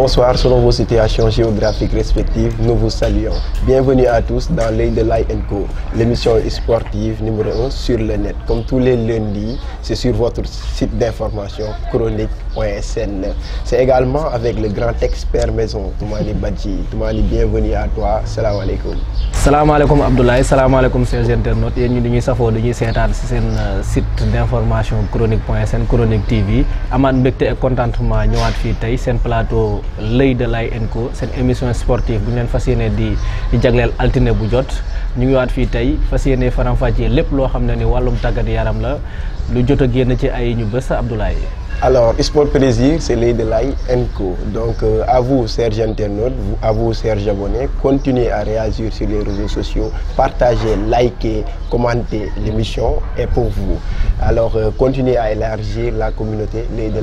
bonsoir selon vos situations géographiques respectives, nous vous saluons. Bienvenue à tous dans l'œil de l'Eye Co, l'émission sportive numéro 1 sur le net. Comme tous les lundis, c'est sur votre site d'information chronique c'est également avec le grand expert maison, Toumani Badji. Toumani, bienvenue à toi. Salam alaikum. Salam alaikum Abdoulaye, salam alaikum chers internautes. Nous sommes nous site d'information chronique.sn, chronique TV. Aman content. content contentement, nous Ici C'est un plateau de c'est une émission sportive. Nous sommes de Altine Boudjot. ñu de faire la Abdoulaye alors, Sport Plaisir, c'est Les de Co. Donc, euh, à vous, Serge Internaute, à vous, Serge Abonné, continuez à réagir sur les réseaux sociaux, partagez, likez, commentez l'émission et pour vous. Alors, euh, continuez à élargir la communauté Les de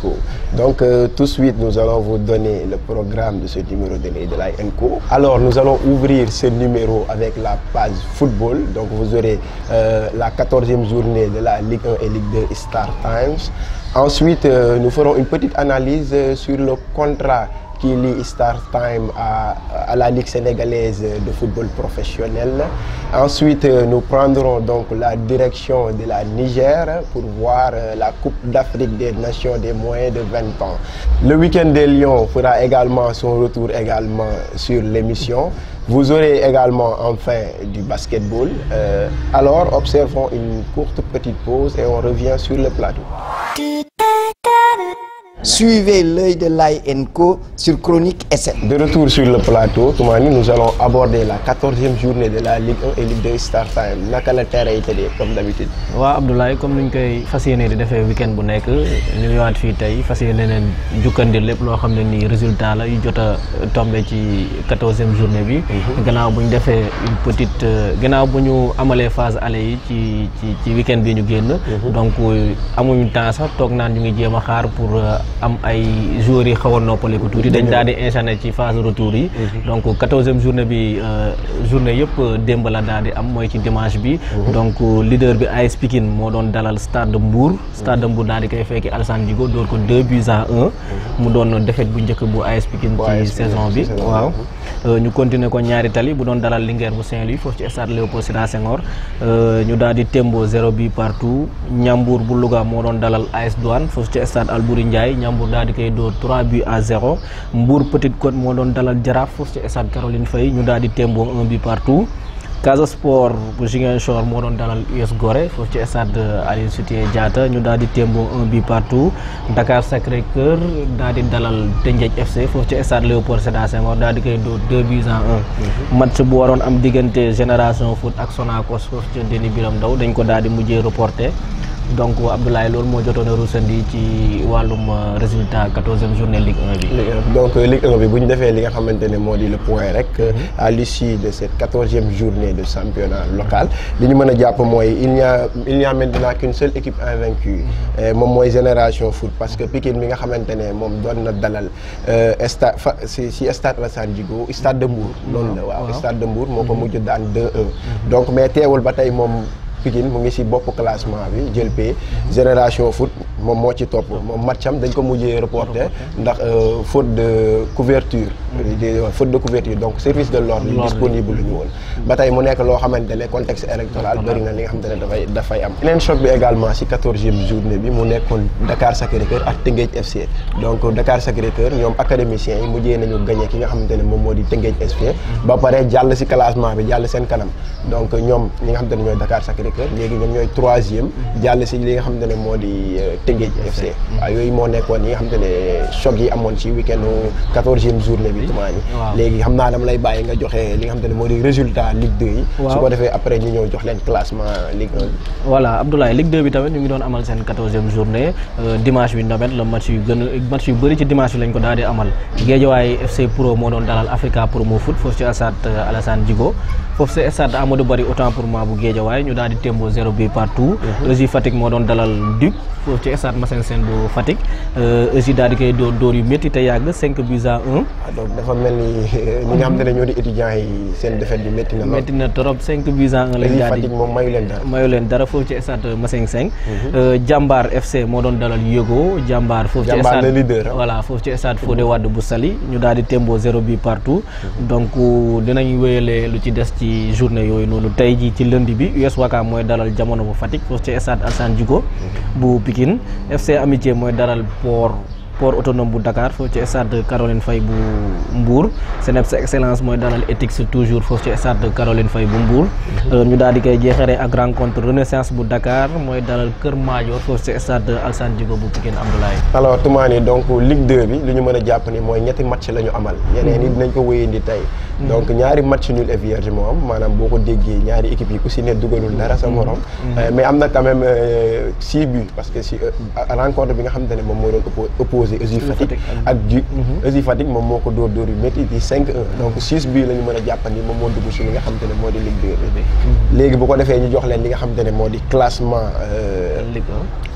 Co. Donc, euh, tout de suite, nous allons vous donner le programme de ce numéro de l'aide de Co. Alors, nous allons ouvrir ce numéro avec la page football. Donc, vous aurez la 14e journée de la Ligue 1 et Ligue 2 Star Times. Ensuite, euh, nous ferons une petite analyse euh, sur le contrat qui Star Time à, la Ligue sénégalaise de football professionnel. Ensuite, euh, nous prendrons donc la direction de la Niger pour voir euh, la Coupe d'Afrique des Nations des moins de 20 ans. Le week-end des Lyon fera également son retour également sur l'émission. Vous aurez également enfin du basketball. Euh, alors, observons une courte petite pause et on revient sur le plateau. Suivez l'œil de Enko sur Chronique SN. De retour sur le plateau, Toumani, nous allons aborder la 14e journée de la Ligue 1 et Ligue 2 Star Time. Comment la terre est comme d'habitude Oui, Abdoulaye, comme nous sommes fasciné de faire le week-end, nous avons fait le fasciné de faire le résultat qui est tombé la 14e journée. Nous avons fait une petite. Nous avons fait une phase aller ci ci week-end bi ñu génn. Mhm. donc euh, amuñu temps sax toog naan ñu ngi pour. Euh, am ay joueurs yi xaw a noppaliku tuuti dañ daal di insané ci phase retour yi mhm. donc quatorzième journée bi euh, journée yëpp euh, démb la daal di am mooy ci dimanche bi mhm. donc euh, leader bi AS Pikine moo doon dalal Stade Mbour Stade Mbour daal di koy fekki Alassane Djigo door ko deux buts à un mhm. mu doon défaite bu njëkk bu AS Pikine ci saison bi waaw ñu continuer ko ñaari tali bu doon dalal Linguère bu Saint-Louis foofu ci stade Léopold Sédar Senghor ñu daal di tembo zéro bi partout Ñambour bu Louga moo doon dalal AS Douane foofu ci Ndiambour daal di koy dóor 3 buts à 0 Mbour Petite Côte moo doon dalal Jaraaf ci stade Caroline Faye ñu daal di tembo 1 partout Casa Sport bu Ziguinchor moo doon dalal US Gorée foofu ci stade Aline Sitoé Diatta ñu daal di témboo un but partout Dakar Sacré Cœur daal di dalal Teungueth FC foofu ci stade Léopold Sédar Senghor daal di koy dóor deux buts à un mhm. match bu waroon am diggante Génération Foot ak Sonacos foofu ci Déni Biram Ndaw dañ ko daal di mujjee reporté donc Abdoulaye lool mo jotoon a ci walum euh, résultat quatorzième journée Ligue donc euh, Ligue 1 li nga le point euh, mhm. à l'issue de cette 14e journée de championnat local. il n'y a maintenant qu'une seule équipe invaincue. mom mhm. Génération Foot parce que Pikine mi nga suis mom dalal stade de de mhm. donc mais téwul Pikine mu ngi si bopp classement bi jël pay génération foot moom moo ci topp matcham dañ ko mujjee reporté ndax euh, faute de couverture euh, faute de couverture donc service de l'ordre disponible lu ñu woon ba tey mu nekk loo xamante ne contexte électoral bëri na li nga xamante ne dafay dafay am leneen choc bi également si 14e journée bi mu nekkoon Dakar Sacré-Cœur ak Tëngéej FC donc Dakar Sacré-Cœur ñoom académiciens yi mujjee nañu gagné ki nga xamante ne moom moo di Tëngéej FC mm-hmm. ba pare jàll si classement bi jàll seen kanam donc ñoom ñi nga xamante ne Dakar Sacré-Cœur léegi ñoom ñooy troisième mm-hmm. jàll si li nga xamante ne moo di euh, Tëngéej FC waaw yooyu moo nekkoon yi nga xam te yi amoon ci week-end quatorzième journée bi tumaa yi léegi xam naa dama lay bàyyi nga joxe li nga xam moo di résultat Ligue 2 yi su ko defee après ñu ñëw jox leen classement Ligue 1 bi voilà Abdoulaye Ligue bi tamit ñu ngi doon amal seen quatorzième journée euh, dimanche bi nawet la match yu gën match yu bëri ci dimanche bi lañ ko daal di amal Guédiawaye FC Pro moo doon dalal Africa euh, pour mhm. moo doon stade Massène Sène bu Fatick EJ euh, daal di koy dóor dóor yu métti te yàgg 5 buts à 1. waaw ah, donc dafa ni ñoo di étudiants yi seen défaite bi métti na. trop 5 buts à 1 di Fatick moom mayu leen dara. foofu ci stade Massène Sène. Mhm. Euh, Jambar FC moo doon dalal Yego Jambar. foofu ci stade foofu ci stade bu Saly ñu daal tembo zéro bi partout. Mhm. donc dinañ wéyale lu ci des ci journée yooyu noonu tey jii ci lundi bi US Ouakam mooy dalal jamono bu Fatick foofu ci stade FC Amitié mooy daral poor port autonome bu Dakar foofu ci stade Caroline Faye bu Mbour CNEPS excellence mooy daral éthique toujours foofu ci stade Caroline Faye bu Mbour Euh, ñu daal di koy jeexaree ak rencontre renaissance bu Dakar mooy dalal Kër Madior foofu ci stade Alassane Djigo bu Pikine Abdoulaye alors Toumani donc Ligue ñu mën a jàpp mooy ñetti match la ñu amal yeneen yi mm-hmm. dinañ ko wéyandi tey mm-hmm. donc ñaari match nul et vierge maanaam boo ko déggee ñaari équipe yi ku mm-hmm. euh, am na quand même euh, six que si rencontre bi nga xamante ne moom moo doon opposé moom moo ko dóor dóor yu métti di 5-1 donc six buts la ñu mën a jàppandi moom moo dugg si nga xamante ne moo di Ligue 2 bi léegi bu ko defee ñu jox leen li nga xamante ne moo euh, Ligue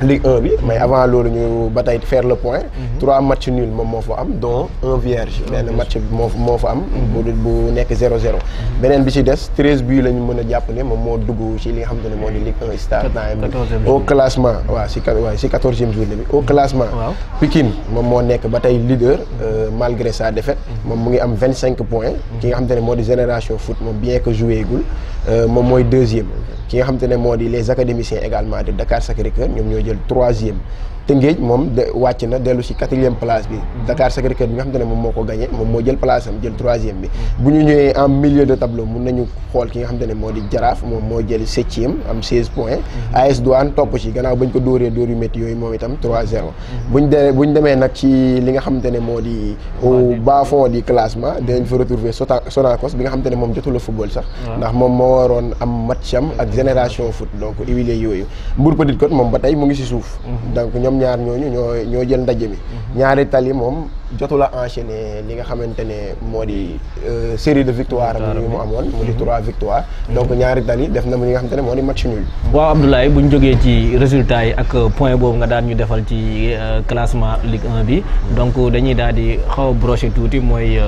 1 Ligue 1 bi. mais mhm. avant loolu ñu bataille faire le point. Mhm. trois matchs nuls moom moo fa am dont un vierge. benn match moo moo fa am. Mhm. bu bu nekk 0-0. beneen bi ci des 13 buts la ñu mën a jàpp ne dugg ci li nga xamante ne Ligue 1 Star Time. au classement c'est si waaw si quatorzième journée bi au classement. waaw Pikine moom moo nekk ba leader. Euh, malgré sa défaite. moom mu ngi am 25 points. ki nga xamante ne moo di génération foot moom bien que joué gul. Euh, moom mooy deuxième ki nga xamante ne moo di les académiciens également de Dakar Sacré-Cœur ñoom ñoo jël troisième Tëngéej moom de wàcc na dellu si quatrième place bi Dakar Sacré-Cœur bi nga xam moom moo ko gagné moom moo jël place jël troisième bi mm. bu ñu ñëwee en milieu de tableau mun nañu xool ki nga xam ne moo di Jaraaf moom moo jël septième am 16 points mm-hmm. AS Douane ko dóoree dóor yu métti yooyu moom itam 3-0 mm-hmm. buñ de buñ demee nag ci li nga xam te ne moo di au bas fond du classement dinañ fa retrouver Sonacos bi nga xam te ne moom jotula football sax ndax moom moo waroon am match am ak génération yooyu Mbour Petite ngi si suuf mm-hmm. ñoom ñaar ñooñu ñoo ñoo jël ndaje mi. Mhm. ñaari tali moom jotul a enchaîner li nga xamante ne moo di euh, série de victoire am yu mu amoon. mu di mhm. trois victoire. Mhm. donc ñaari tali def na mu li nga xamante ne moo di match nul. waaw Abdoulaye bu ñu jógee ci résultat yi ak euh, point boobu nga daan ñu defal ci euh, classement Ligue 1 bi. donc dañuy daal di xaw a broché tuuti mooy.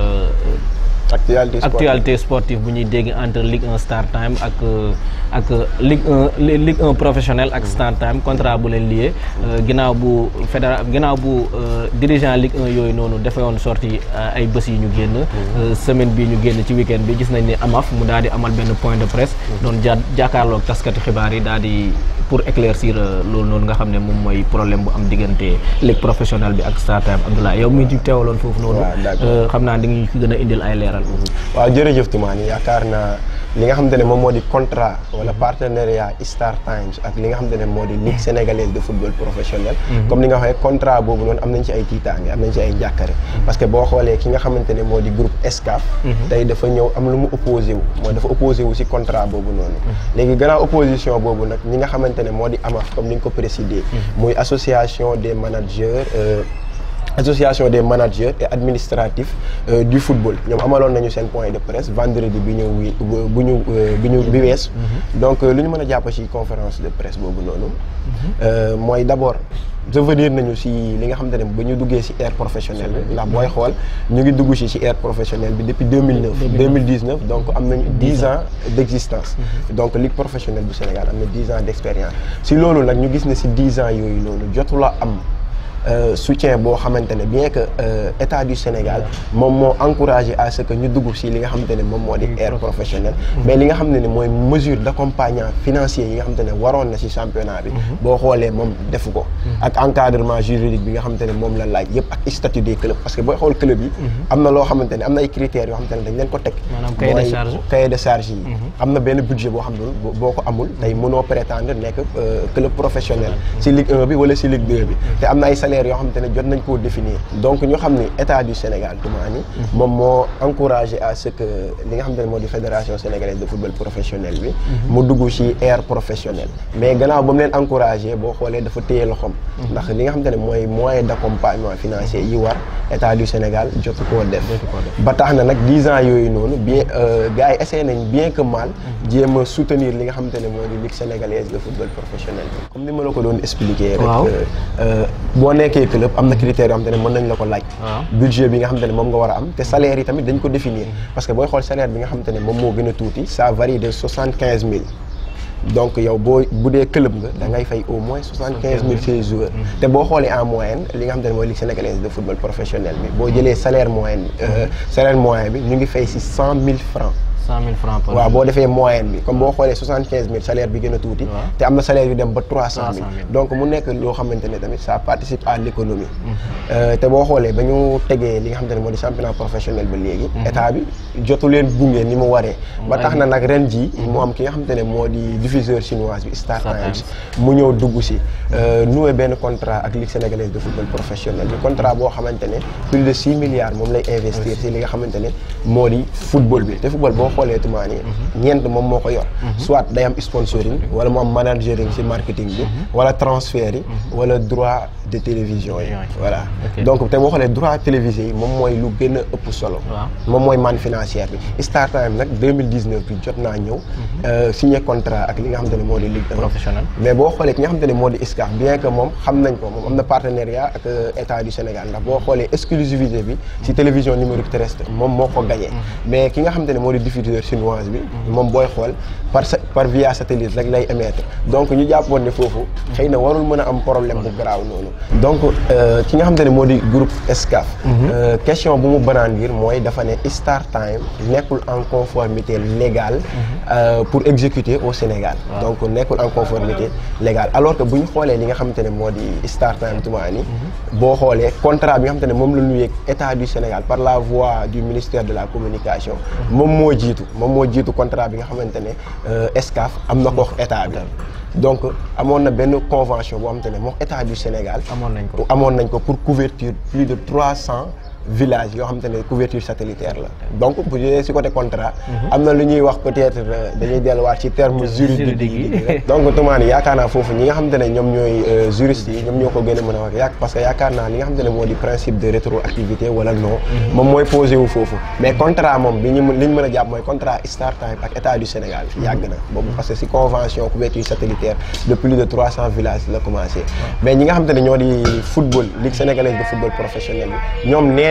actualité sportive actualité sportive bu ñuy dégg entre Ligue 1 Star Time ak euh, ak euh, Ligue 1 professionnel ak Star Time contrat bu leen lié. Euh, ginnaaw bu fédéral ginnaaw bu dirigeant Ligue 1 yooyu noonu defee woon sorti ay bés yi ñu génn. Mm-hmm. semaine bi ñu génn ci weekend bi gis nañ ni AMAF mu daal di amal benn point de presse. Mm-hmm. doon ja jàkkaarloog taskati xibaar yi daal di pour éclaircir loolu noonu nga xam ne moom mooy problème bu am diggante Ligue professionnelle bi ak Star Time Abdoulaye ay leeral. naan mhm. mhm. waaw jërëjëf Toumane yaakaar na li nga xamante ne moom moo di contrat wala mhm. partenariat Star Times ak li nga xamante ne moo di ligue sénégalaise de football professionnel comme li nga waxee contrat boobu noonu am nañ ci ay tiitaange am nañ ci ay njàkkare parce que boo xoolee ki nga xamante ne moo di groupe Excaf tey dafa ñëw am lu mu opposé wu mooy dafa opposé wu si contrat boobu noonu léegi gannaaw opposition boobu nag ñi nga xamante ne moo di AMAF comme ni nga ko présidé muy association des managers euh, association des managers et administratifs euh, du football nous avons nañu points point de presse vendredi bi BBS euh, mhm. donc nous avons une conférence de presse je veux Moi d'abord je veux dire li nga sommes ne nous sommes professionnelle depuis 2009 2019 donc nous avons 10 ans d'existence mhm. donc ligue professionnelle du Sénégal a 10 ans d'expérience si nous avons ñu gis nous 10 ans euh, soutien bo xamantene bien que euh, état du Sénégal mom mo encourager à ce que ñu dugg ci li nga xamantene mom modi moo air professionnel mais li nga xamantene moy mesure d'accompagnement financier yi nga xamantene waron na ci championnat bi bo xolé mom defu ak encadrement juridique bi nga xamantene mom la laaj yépp ak statut des clubs parce que boy xol club yi amna lo xamantene amna ay critères yo xamantene dañ leen ko tek mooy cahier de charge yi mhm. am na benn budget boo xam ne boo ko amul tay mënoo prétendre nekk euh, club professionnel ci Ligue 1 bi wala ci Ligue 2 bi mhm. té amna ay salaire yoo xamante jot nañ définir donc nous avons ni état du Sénégal Toumani moom moo encouragé à ce que li nga xamante ne fédération sénégalaise de football professionnel bi mu dugg ci ère professionnel mais gannaaw ba mu leen encouragé boo xoolee dafa téye loxoom ndax li nga xamante ne mooy moyen d'accompagnement financier yi war état du Sénégal jotu koo def ba tax na nag 10 ans yooyu noonu bien euh, gars essayé bien que mal de me soutenir li nga xamante ne ligue sénégalaise de football professionnel comme ni ma la ko expliquer rek nekkee club am na critères yoo xam ne mën nañ la ko laaj ah. budget bi nga xam te ne moom nga war a am te salaire yi tamit dañ ko définir parce que booy xool salaire bi nga xam te ne moom moo gën a tuuti ça varie de 75 mille donc yow boo bu dee club nga da ngay fay au moins 75 quinze mille ses joueurs mm-hmm. te boo xoolee en moyenne li nga xam te ne mooy ligue sénégalaise de football professionnel bi boo jëlee salaire moyen euh, mm-hmm. salaire moyen bi ñu ngi fay si cent mille francs cent mille francs par waaw boo moyenne bi comme boo xoolee 75000 quinze mille salaire bi gën a tuuti te salaire yu dem ba trois cent mille donc mu nekk loo xamante ne tamit ça participe à l'économie mhm. euh, te boo xoolee ba ñu tegee li nga xamante ne moo championnat professionnel ba léegi mhm. état bi jotu leen gunge ni mu waree ba tax na nag ren jii mhm. mu am ki nga xamante ne moo di diffuseur chinoise bi Star Times mu ñëw dugg si euh, noué benn contrat ak ligue sénégalaise de football professionnel Le contrat boo xamante plus de six milliards moom lay investir si li nga xamante ne football bi te football boo les manières niente mom moko yor mhm. soit day am sponsoring wala mom am managering ci marketing bi mhm. wala transfert yi mhm. wala droit de télévision yi voilà donc tay waxale les droit télévisé mom moy lu gën ëpp solo mom moy man financière bi start Time nak 2019 bi jot naa euh signé contrat ak li nga xam te ligue professionnel mais bo xolé ki nga xam de ne bien que mon xam nañ ko partenariat ak euh, état du Sénégal ndax bo xolé exclusivité bi ci télévision numérique terrestre moment moko gagner gagné mais ki nga xam te culture chinoise mon boy booy par par via satellite rek lay émettre. donc ñu jàppoon ni foofu. xëy na warul a am problème grave non non. donc euh, ki nga xamante ne groupe di groupe Excaf. Mhm. Euh, question bu mu banaan ngir mooy dafa ne Star Time pas en conformité légale. Mhm. Euh, pour exécuter au Sénégal. Ah. donc n'est pas en conformité légale alors que bu ñu xoolee li nga xamante ne moo di Star Time Toumani. Mhm. boo xoolee contrat bi nga xamante ne moom la état du Sénégal par la voie du ministère de la communication. moom moo jiitu moom moo contrat bi nga xamantene euh escaf amna ko état bi donc amoon na ben convention boo xamantene ne état du Sénégal amoon nañ ko amoon nañ ko pour couverture plus de 300 village Yo, xamante ne couverture satellitaire la donc bu jé si côté contrat mhm. amna lu ñuy wax peut-être euh, dañuy delluwaat ci terme juridique donc tomane yakarna fofu ñi nga xamante ne ñoom ñooy euh, juristes yi ñoom ñoo ko gën wax yak parce que yakarna naa li nga xamante ne di principe de rétroactivité wala non mom mhm. moy posé wu foofu mais contrat mom bi ñu li ñu mën a start mooy ak état du Sénégal mhm. yag na boobu parce que si convention couverture satellitaire de plus de trois cents villages la commencé mais ñi nga xamante ne ñoo di football ligue sénégalaise de football professionnel ñom ñoom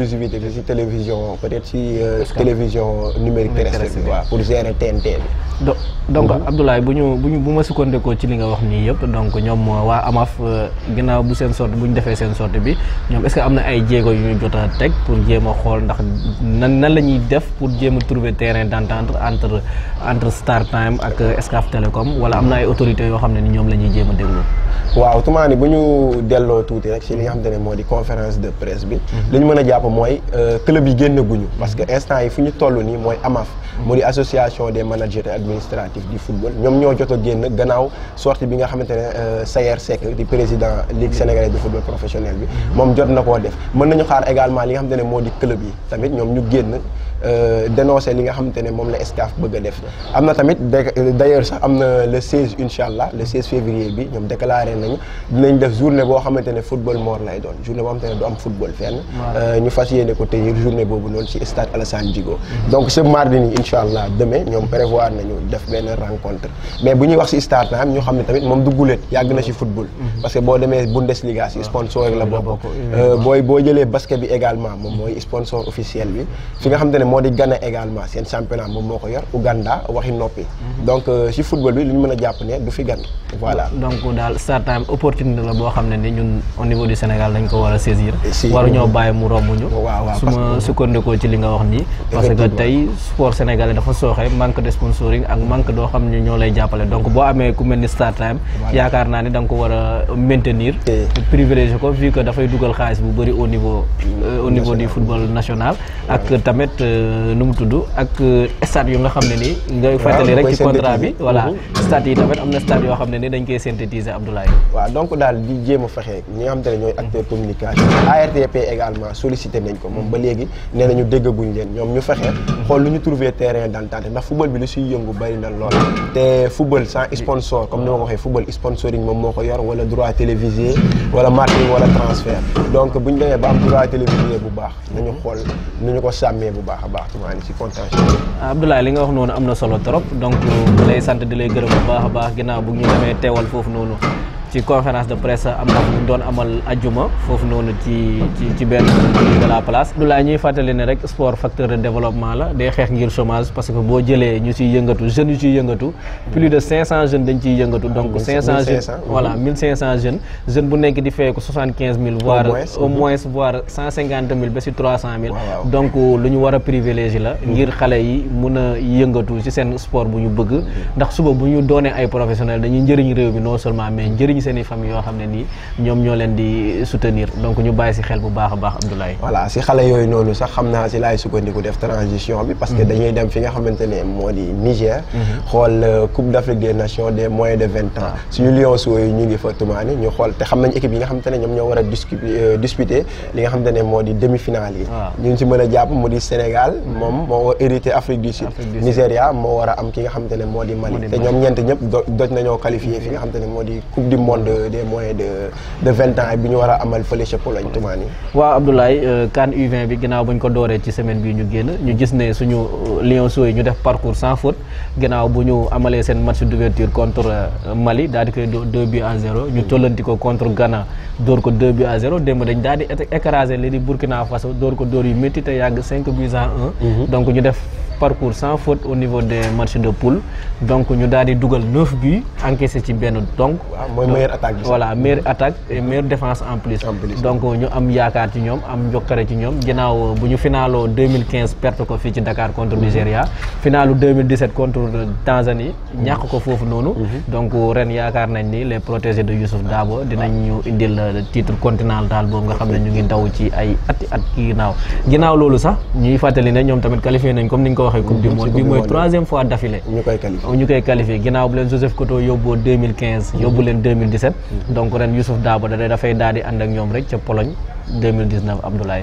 exclusivité de la télévision peut-être si euh, télévision numérique terrestre voilà, pour gérer TNT do donc mhm. Abdoulaye bu ñu bu ñu bu ma sukkandekoo ci li nga wax nii yëpp donc ñoom waa AMAF euh, ginnaaw bu seen sortie bu ñu defee seen sortie bi ñoom est am na ay jéego yu ñu jot a teg pour jéem xool ndax nan nan la ñuy def pour jéem a trouver terrain d'entente entre entre StarTimes ak Excaf Télécom wala am na ay autorités yoo xam ne ñoom la ñuy jéem a déglu. waaw tumaani bu ñu delloo tuuti rek ci li xam ne moo di conférence de presse bi. Mhm. li mën a jàpp mooy euh, club yi administratif du football Nous avons a gannaaw sortie bi nga la euh, président ligue sénégalaise de football professionnel bi mm-hmm. moom les également club euh, dénoncer li nga xamante mom la Excaf bëgg def amna tamit d'ailleurs sax amna le 16 inchallah le 16 février bi ñom déclarer nañ dinañ def journée bo xamante football mort lay doon journée bo xamante ne du am football fenn euh, ñu fas yéene ko tenir journée bobu noonu ci stade Alassane Djigo donc ce mardi ni inchallah demain ñom prévoir nañu def ben rencontre mais bu ñuy wax ci stade naam ñu xam tamit mom du guléet yàgg na ci football mm-hmm. parce que bo démé Bundesliga ci sponsor la bokk boy euh, bo jëlee basket bi également mon moy sponsor officiel bi fi nga xamante moo Ghana également un championnat moom moo uganda yor Ouganda waxi mhm. donc si euh, football bi li ñu japonais a du fi gan. voilà donc daal start time opportunité la boo xam ne ni ñun au niveau du Sénégal dañ ko war a saisir. waruñoo baye mu romb ñu. waaw waaw su ma sukkandikoo ci li nga wax nii. parce que tey sport sénégalais dafa sooxe manque de sponsoring ak manque doo xam ne ñoo lay donc boo amé ku mel start time. yaakaar naa ne da nga ko war a maintenir. privilégié ko vu que dafay dugal xaalis bu bëri au niveau. Euh, au niveau du football national ak tamet euh, Euh, nu mu tudd ak euh, stade yu nga xam ne nii. ngay fàttali rek ci contrat bi voilà. Mhm. stade yi tamit am na stade yoo xam ne ni dañ koy synthétiser Abdoulaye. waaw donc daal di jéem a fexe ñi ba léegi nee nañu déggaguñ ñu fexe. xool lu ñu trouver terrain d'entente ndax football bi lu suy yëngu bari na lool. te football sans sponsor comme ni ma ko waxee football sponsoring moom moo ko yor wala droit télévisé wala marketing wala transfert donc bu ñu demee ba am droit télévisé bu baax nañu xool nu baax ci maa ngi ci kontaan Abdoulaye li nga wax noonu am na solo trop donc lay sant di lay gërëm bu baax a baax ginnaaw bu ñu demee teewal foofu noonu ci conférence de presse am na ñu doon amal ajuma foofu noonu ci ci ci benn de la place du laa ñuy fàttali ne rek sport facteur de développement la day xeex ngir chômage parce que boo jëlee ñu ciy yëngatu jeunes yu yëngatu plus de 500 jeunes dañ ciy yëngatu donc 500 ah, jeunes voilà 1500 jeunes jeune bu nekk di fay ko 75000 voire au moins voire 150000 ba si 300000 donc euh, lu ñu war a privilégier la mm. ngir xale yi mun a yëngatu ci seen sport bu ñu bëgg mm. ndax suba bu ñu doonee ay professionnel dañuy njëriñ réew mi non seulement mais njëriñ seen i famille yoo xam ni, nii ñoo leen di soutenir donc ñu bay ci xel bu baax baax Abdoulaye voilà ci xalé yoy noonu sax xamna ci lay laay sukkandiku def transition bi parce que mhm. dañuy dem fi nga xamante ne moo Niger mhm. xol euh, Coupe d'Afrique des Nations des moins de 20 ans ah. suñu lion suoyu ñu ngi fa tumaani ñu xol te xam nañ équipe yi nga xamante ne ñoom ñoo wara euh, disputer li nga xamante ne demi-finale yi ah. ñu ci mëna japp modi Sénégal Mom, mhm. mo hérité Afrique du Sud Nigeria mo wara am ki nga xamante ne Mali te ñom ñent ñep doj nañoo qualifié fi nga xamante ne coupe du monde monde des moins de de bi ñu war a waaw Abdoulaye euh, CAN u bi ginnaaw bu ñu ko dooree ci semaine bi ñu génn ñu gis ne suñu euh, Lionceaux yi ñu def parcours sans faute ginnaaw bu ñu amalee seen match d'ouverture contre euh, Mali daal di koy deux buts à zéro ñu tollanti ko contre Ghana. dóor ko 2 buts à 0 démb dañ daal écraser li di Burkina Faso dóor ko dóor yu 5 buts à 1. Mhm. donc ñu def parcours sans faute au niveau des matchs de poule donc ñu daal dougal 9 buts encaissé ci ben donc. waaw ah, mooy meilleure attaque voilà meilleure mhm. attaque et meilleure défense en plus. en plus donc ñu am yaakaar ci ñom am njokkare ci ñom ginaaw buñu finalo 2015 perte ko fi ci Dakar contre mhm. nigeria finaalu 2017 contre Tanzanie. ñak ko fofu nonu donc ren yaakaar nañ ni les protégés de Youssouf Dabo dinañ ñu indil. titre continental boobu nga xam ne ñu ngi daw ci ay ati at ginnaaw ginnaaw loolu sax ñuy fàttali ne ñoom tamit qualifié nañ comme ni ñu ko waxee coupe du mm-hmm. monde bi mooy troisième fois d'affilée ñu koy qualifié ñu koy qualifié ginnaaw bu leen Joseph Koto yóbboo mm-hmm. yóbbu leen mm-hmm. donc ren Youssouf Daabo da dafay daal ànd ak ñoom rek ca Pologne 2019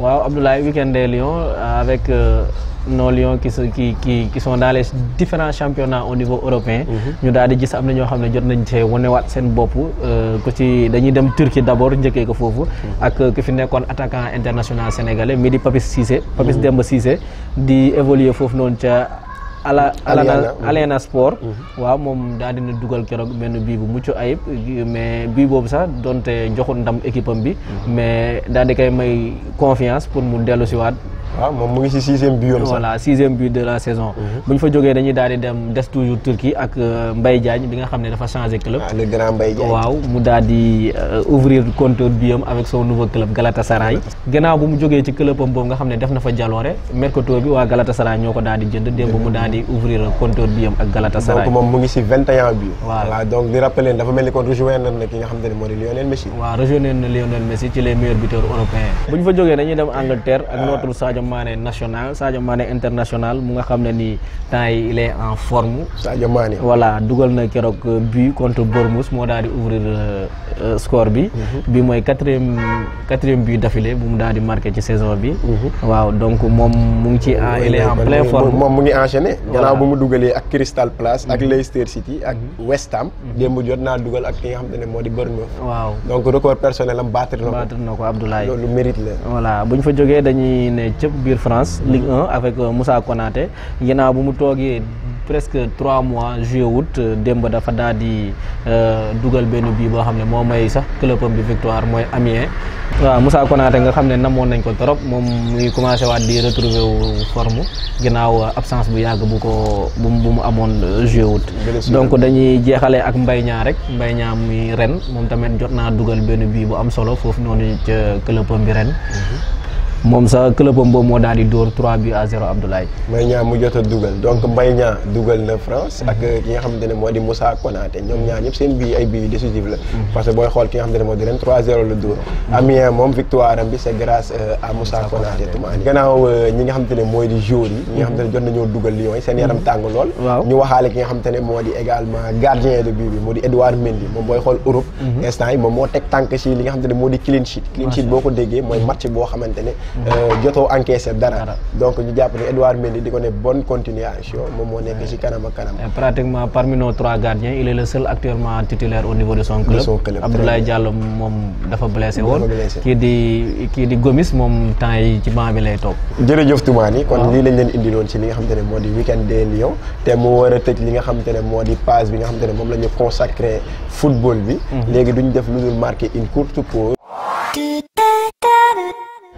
waaw Abdoulaye week-end des Lions avec euh, nos ki qui qui qui qui les différents championnats au niveau européen. Mhm. ñu daal di gis am na ñoo xam ne jot nañ cee wanewaat seen bopp. Euh, ku ci dañuy dem Turquie d'abord njëkkee ko foofu. Mhm. ak ku fi nekkoon attaquant international sénégalais mi di Papis Cissé. Papis mhm. Demba Cissé di évoluer foofu noonu ca. ala ala Alana mm-hmm. Sport. waaw mm-hmm. moom daal dina dugal keroog benn bii bu mucc ayib mais bii boobu sax donte joxul ndam équipe am bi. Mm-hmm. mais daal di koy may confiance pour mu dellu si waat. waaw ah, moom mu ngi si sixième but yoon sax voilà sixième but de la saison. bu ñu fa jógee dañuy daal di dem des toujours Turquie ak euh, Mbaye Diagne bi nga xam ne dafa changé club. ah le grand Mbaye Diagne waaw mu daal di euh, ouvrir compteur biyam avec son nouveau club Galatasaray. gannaaw bu mu jógee ci club am boobu nga xam ne def na fa jaloore mercato bi waa Galatasaray ñoo ko daal di jënd démb mu daal di ouvrir compteur bi ak Galatasaray. donc moom mu ngi 21 bi. voilà donc di rappelé dafa mel ni rejoindre na ki nga Lionel Messi. Voilà. rejoindre Lionel Messi tu les meilleurs buteurs européens. bu ñu fa jógee dañuy dem Angleterre ak ah. notre Sadio Mané national Sadio Mané international Vous nga xam ne il est en forme. Sadio Mané voilà Dougal na keroog euh, but contre Bournemouth moo daal ouvrir euh, euh, score bi. Mhm. bi mooy quatrième quatrième but d'affilée bu mu marquer di ci saison bi. Mhm. waaw donc mon mu ci ah, il est en pleine forme Il mu ngi enchaîné. gannaaw bu mu dugalee ak Crystal place ak mhm. Leicester City ak mhm. West Ham mhm. démb jot naa dugal ak ki nga xam ne moo di Bournemouth waaw donc record personnel am battre na ko battre na ko Abdoulaye loolu mérite la voilà bu ñu fa jógee dañuy ne cëpp biir France Ligue 1 avec euh, Moussa Konaté gannaaw bu mu toogee presque trois mois juillet août euh, démb dafa daal di euh, dugal benn bii boo xam ne moo may sax clubam bi victoire mooy Amiens waaw Moussa Konaté nga xam ne namoon nañ ko trop moom muy commencé waat di retrouver wu forme ginnaaw euh, absence bu yàgg bu ko bu mu amoon juillet août donc dañuy jeexalee ak Mbaye Niang rek Mbaye Niang muy ren moom tamit jot naa dugal benn bu am solo foofu noonu ca clubam bi ren moom sa club boobu moo daal di dóor 3 buts à 0 Abdoulaye. Mbaye Niang mu jot a dugal donc Mbaye Niang dugal na France. ak mhm. ki nga xamante ne moo di Moussa Konaté ñoom ñaar ñëpp seen bii ay mhm. moo di ren 3-0 mhm. am bi c'est grâce euh, à Moussa Konaté. gannaaw euh, ñi nga xamante ne mooy di joueurs yi. ñi nga xamante jot nañoo dugal Lions yi seen yaram tàng lool. ñu waxaale ki nga xamante ne di également gardien de but bi moo di Edouard Mendy moom booy xool Europe. instant yi moom moo teg tànk si li nga xamante moo di clean sheet. clean sheet boo ko déggee Euh, jotoo encaissé dara donc ñu jàpp ne Edouard Mendy di ko bonne continuation moom moo nekk ci kanam ak kanam pratiquement parmi nos trois gardiens il est le seul actuellement titulaire au niveau de son club Abdoulaye Diallo mom dafa blessé woon Ki di ki di Gomis mom temps yi ci banc bi lay toog jërëjëf Toumani kon li lañ leen indi indiloon ci li nga xamante ne moo di week-end des Lions te mu war li nga xamante ne moo di bi nga xamante ne moom la ñu football bi mhm. Légui duñ def lu dul marqué une courte pause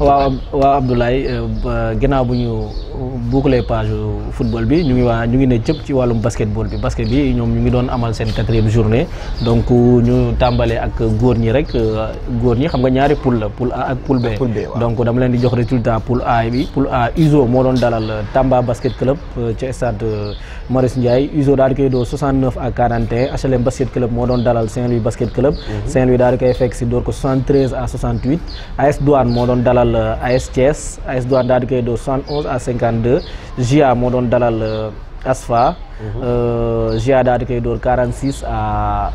waaw waaw Abdoulaye euh, ginnaaw bu ñu boucler page football bi ñu ngi waa ñu ngi ne cëpp ci wàllum basketball bi basket bi ñoom ñu ngi doon amal seen quatrième journée donc ñu tàmbalee ak góor ñi rek euh, góor ñi xam nga ñaari poule la poule A ak poule B donc dama leen di jox résultat poule A bi poule A USO moo doon dalal Tamba basket club euh, ci stade Marius Ndiaye USO daal di koy doo 69 à basket club moo doon dalal Saint-Louis basket club mhm. Saint-Louis daal di koy fekk si door ko dalal euh, AS Thiès AS Douane à 52 JA modon doon dalal euh, ASFA. JA daal 46 à.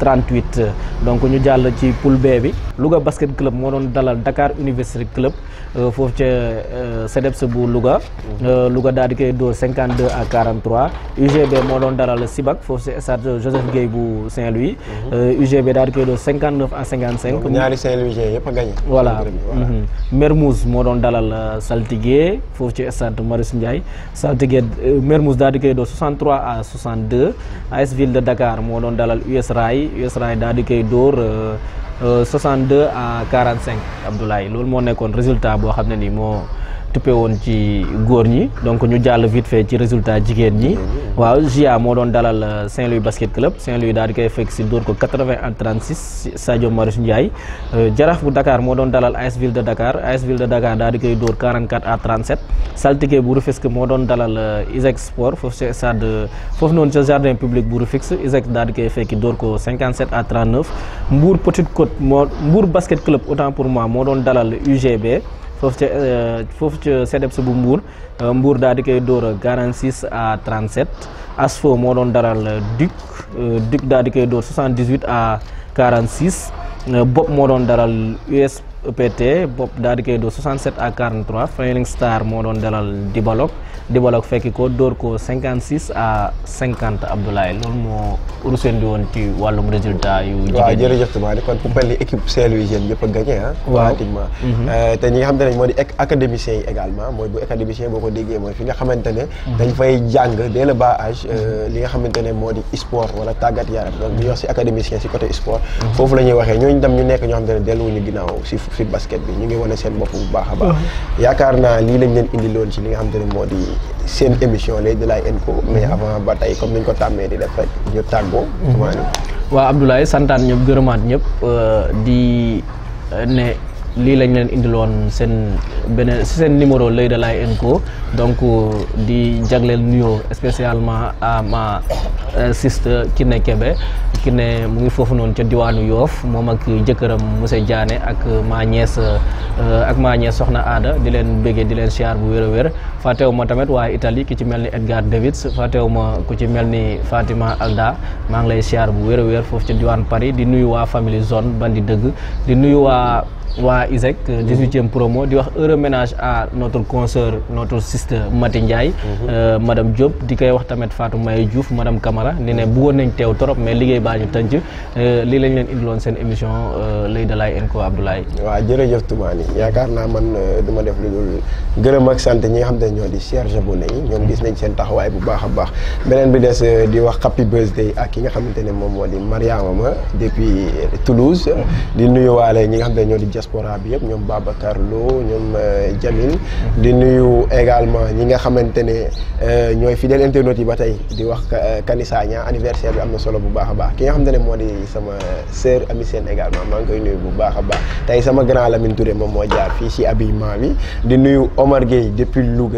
38 donc ñu jall ci pool B bi Louga basket club Moron don dalal Dakar University club euh, fofu ci euh, CDEPS bu Louga euh, Louga daal 52 à 43 UGB Moron don dalal Sibac fofu ci stade Joseph Gueye bu Saint-Louis mhm. UGB daal di 59 à 55 ñaari Saint-Louis yépp gagné voilà mhm. Mermoz Moron don dalal Saltigué fofu ci stade Maurice Ndiaye Saltigué daal di 63 à 62 AS Ville de Dakar Moron don dalal US Rail bi Israël daal di koy dóor 62 euh, euh, à 45 Abdoulaye loolu moo nekkoon résultat boo xam ne nii moo. tuppe woon ci góor ñi donc ñu jàll vite fait ci résultat jigéen ñi waaw dalal euh, Saint-Louis basket club Saint-Louis daal di koy fekk si ko 80 à 36 Sadio Marius Ndiaye euh, jaraaf bu Dakar moo doon dalal AS Ville de Dakar AS Ville de Dakar daal di koy 44 à 37 Saltike bu Rufisque moo doon dalal euh, ISEC Sport foofu ci stade foofu jardin public bu Rufisque ISEC daal di ko 57 à 39 Mbour Petite Côte Mbour basket club autant pour moi moo dalal UGB foofu ca eh, foofu ca CDEPS bu eh, Mbour Mbour daal di 46 à 37 ASFO moo doon daral eh, Duc Duc daal di 78 à 46 Bopp moo doon daral USP EPT bopp daal di koy dóor 67 à 43 Failing Star moo doon dalal Dibalok Dibalok fekki ko dóor ko 56 à 50 Abdoulaye loolu moo rusendi woon ci wàllum résultat yu jigéen waaw jërëjëf Toumani kon ku mel ni équipe Saint-Louisienne yëpp a gagné ah mhm. eh, pratiquement te ñi nga xamante ne moo di académiciens yi également mooy bu académicien boo ko déggee mooy fi nga xamante ne mhm. dañ fay jàng dès le bas âge euh, li nga xamante ne moo di sport wala tàggat yaram donc ñu wax si académicien si côté sport mhm. foofu la ñuy waxee ñooñu dem ñu nekk ñoo xamante ne delluwuñu ginnaaw si street basket bi ñu ngi wane seen bopp bu baax a baax. yaakaar naa lii lañ leen indi loon ci li nga xam te ne moo di seen émission les Détails Co mais avant ba comme ni ñu ko tàmmee di def rek ñu tàggoo. waaw Abdoulaye santaan ñëpp gërëmaat ñëpp euh, di euh, ne. lii lañ leen indiloon seen beneen seen numéro L'oeil de Laye Co donc di jagleel nuyoo spécialement ama ma euh, sister Kiné Kébé Kiné mu ngi foofu noonu ca diwaanu Yoof moom ak jëkkëram monsieur Diané ak ma euh, ak ma nièce soxna Aada di leen bëggee di leen siyaar bu wér a wér fàttewuma tamit waaye Italie ki ci Edgar Davids fàttewuma ku ci mel Fatima Alda maa ngi lay siyaar bu ci Paris di nuyu zone bandi dëgg di nuyu waa waa ISEC 18e promo di wax heureux ménage à notre consoeur notre sister Mati Ndiaye mhm. euh, madame Diop di koy wax tamit Fatou Maye Diouf madame Camara ni ne bëggoon nañ teew trop mais liggéey baa ñu tënc euh, lii lañ leen indiloon seen émission lay dalay en ko Abdoulaye waaw jërëjëf Toumani euh, duma def lu dul ak ñi xam ñoo di chers abonnés yi ñoom gis nañ seen taxawaay bu baax a baax beneen bi des euh, di wax happy birthday ak ki nga xamante ne moom di Mariama ma depuis Toulouse di nuyuwaale ñi nga xam ñoo di diaspora bi yëpp ñoom Babacar Lo ñoom euh, Jamil di nuyu également ñi nga xamante ne euh, ñooy fidèle internautes yi ba tey di wax Kanisa Ña anniversaire bi am na solo bu baax baax ki nga xamante ne di sama sœur Ami Sène également maa ngi koy nuyu bu baax baax tey sama grand Lamine Touré moom moo jaar fii si habillement bi di nuyu Omar Gueye depuis Louga